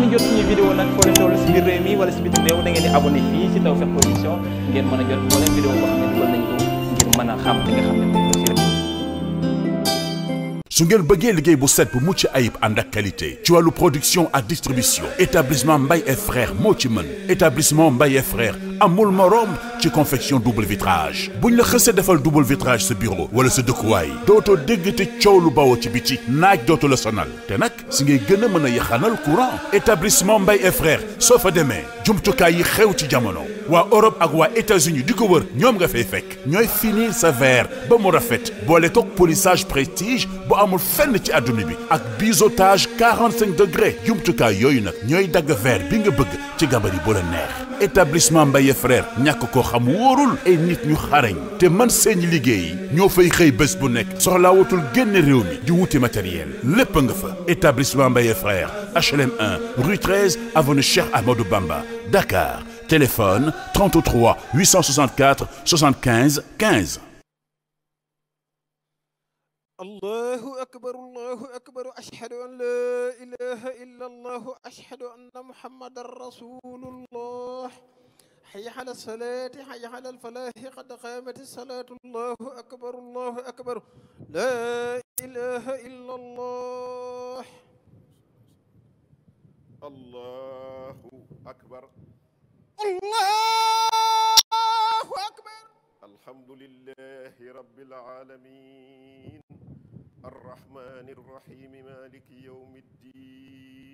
ngeen ngeen di abonné fii si Tawfekh Production mën a jot moo su ngeen bëggee liggéey bu set mu mucc ayib ànd ak qualité ci wàllu production ak distribution établissement mbay et frères moo ci mën établissement mbay et frères amul morom ci confection double vitrage buñ la xësee defal double vitrage sa bureau wala sa dëkkuwaay dootoo dégg te coow lu bawoo ci bi ci naaj dootu la sonal te nag si ngay gën a mën a yaxanal courant établissement Mbaye et frères soo fa demee jumtukaay yi xew ci jamono waa Europe ak waa États-Unis di ko wër ñoom nga fay fekk ñooy finir sa ver ba mu rafet boole kook polissage prestige bu amul fenn ci adduna bi ak biseautage 45 degrés jumtukaay yooyu nag ñooy dagg verre bi nga bëgg ci gabari bu la neex établissement Mbaye ay frère ñàkk koo xam wóorul nit ñu xarañ te man liggéey ñoo fay xëy bés bu nekk soxlaa watul génn réew mi di wuti matériel lépp nga fa établissement Mbaye frère HLM 1 rue 13 avenue Cheikh Amadou Bamba Dakar téléphone 33 864 75 15. allahu akbar allahu حي على الصلاة حي على الفلاح قد قامت الصلاة الله أكبر الله أكبر لا إله إلا الله الله أكبر الله أكبر الحمد لله رب العالمين الرحمن الرحيم مالك يوم الدين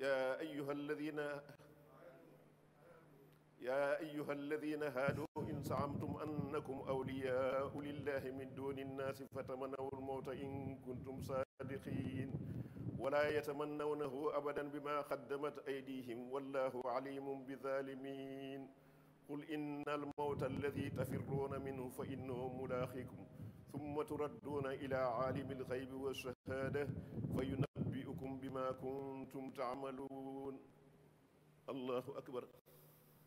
يا أيها الذين يا أيها الذين هادوا إن زعمتم أنكم أولياء لله من دون الناس فتمنوا الموت إن كنتم صادقين ولا يتمنونه أبدا بما قدمت أيديهم والله عليم بالظالمين قل إن الموت الذي تفرون منه فإنه ملاقيكم ثم تردون إلى عالم الغيب والشهادة فين yunabbiukum bima kuntum taamaluun allahu akbar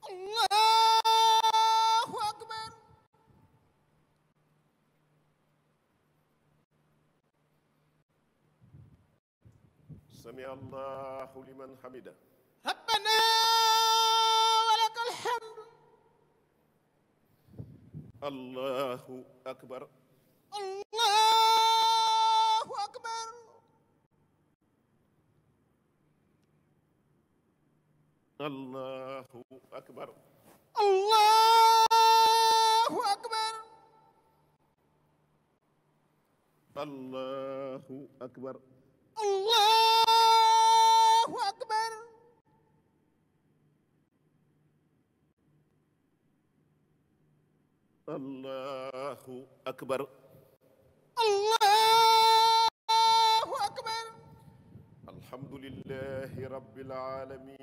allahu akbar sami allahu liman hamida rabbana walaka alhamd allahu akbar allah allahu akbar allahu akbar allahu akbar allahu akbar allahu akbar allahu akbar alhamdulillahi rabbil alamin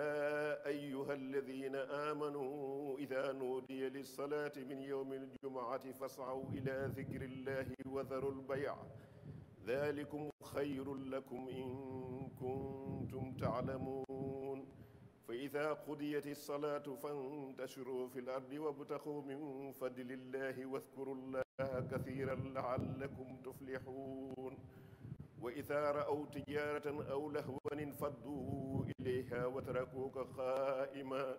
آمنوا إذا نودي للصلاة من يوم الجمعة فاسعوا إلى ذكر الله وذروا البيع ذلكم خير لكم إن كنتم تعلمون فإذا قضيت الصلاة فانتشروا في الأرض وابتغوا من فضل الله واذكروا الله كثيرا لعلكم تفلحون وإذا رأوا تجارة أو لهوا انفضوا إليها وتركوك قائما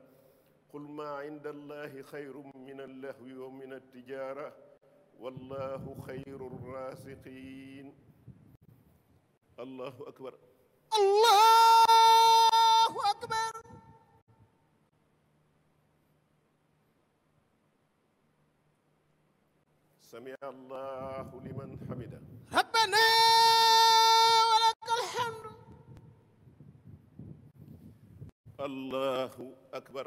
qul maa inda allahi xayru min allahwi wa min altijaara wallahu xayru rasiqin allahu akbar allahu akbar samia allahu liman hamida rabbana wa lakal hamdu allahu akbar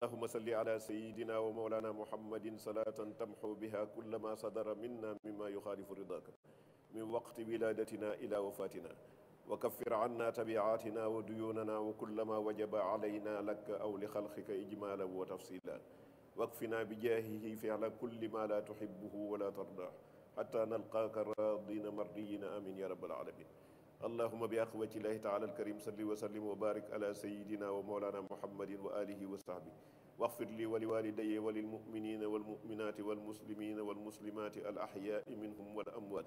allahuma salli ala sayidina wa mawlana muhammadin salatan tamxu biha kulla ma sadara minna mima yuxaalifu ridaka min waqti wiladatina ila wafatina wa kaffir anna tabiatina wa duyunana wa kulla ma wajaba alayna laka aw li xalqika ijmalan wa tafsila wakfina bi jaahihi fiala kulli ma la tuhibuhu wala tarda xata nalqaaka radina mardiyina amin ya rabbal alamin allahuma bi aqwati llahi taala alkarim salli wa sallim wa barik ala sayidina wa mawlana muhammadin wa alihi wa sahbi waxfir li wa liwalidayya wa lilmuminina walmuminati walmuslimina walmuslimati alaxyaai minhum wal amwaat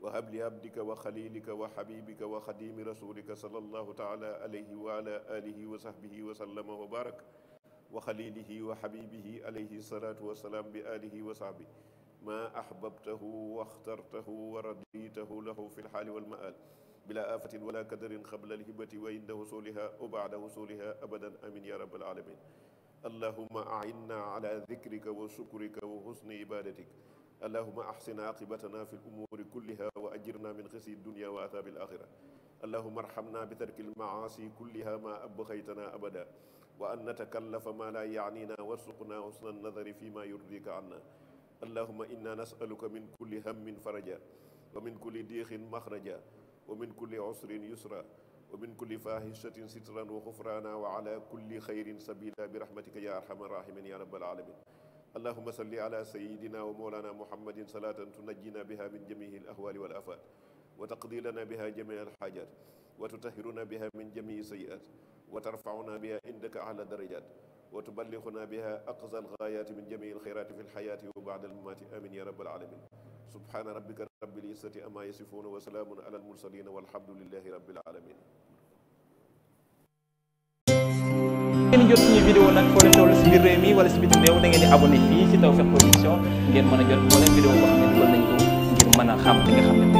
wa hab li abdika wa xalilika wa xabibika wa xadimi rasulika sallallahu taala alayhi wa ala alihi wa sahbihi wa sallama wa barak wa xalilihi wa xabibihi alayhi salaatu wa salaam bi alihi wa sahbi ma ahbabtahu wa axtartahu wa raditahu lahu fi lxaali walmaal bila afatin wala kadarin qabla alhibati wa inda wusuliha wa baada wusuliha abadan amin ya rabbal alamin allahuma ainna ala dikrika wa shukrika wa husni ibadatik allahuma ahsin aqibatana fi lumuri kulliha wa ajirna min xisi dunia wa athaabi alaxira allahuma arhamna bi tarki almaasi kulliha ma abxaytana abada wa an natakallafa ma la yaanina warsuqna husna annadari fi ma yurdika anna allahuma inna nasaluka min kulli hammin faraja wa min kulli diixin maxraja wa min kulli usrin yusra wa min kulli fahishatin sitran wa xufrana wa ala kulli xayrin sabila bi rahmatika ya arhamar rahimin ya rabbal alamin allahuma salli ala sayidina wa moolana muhammadin salatan tunajjina biha min jamihi alahwali wal afat wa taqdi lana biha jamii alxaajat wa tutahiruna biha min jamii sayiat wa tarfauna biha indaka ala darajat wa tuballighuna biha aqsa algaayati min jamii alxayrati fi alxayati wa baada almamaati amin ya rabbal alamin subhaana rabbika rabbil izzati amma yasifuuna wa salaamun ala almursalina walhamdulillahi rabbil alamin ngeen jot a jot moo leen a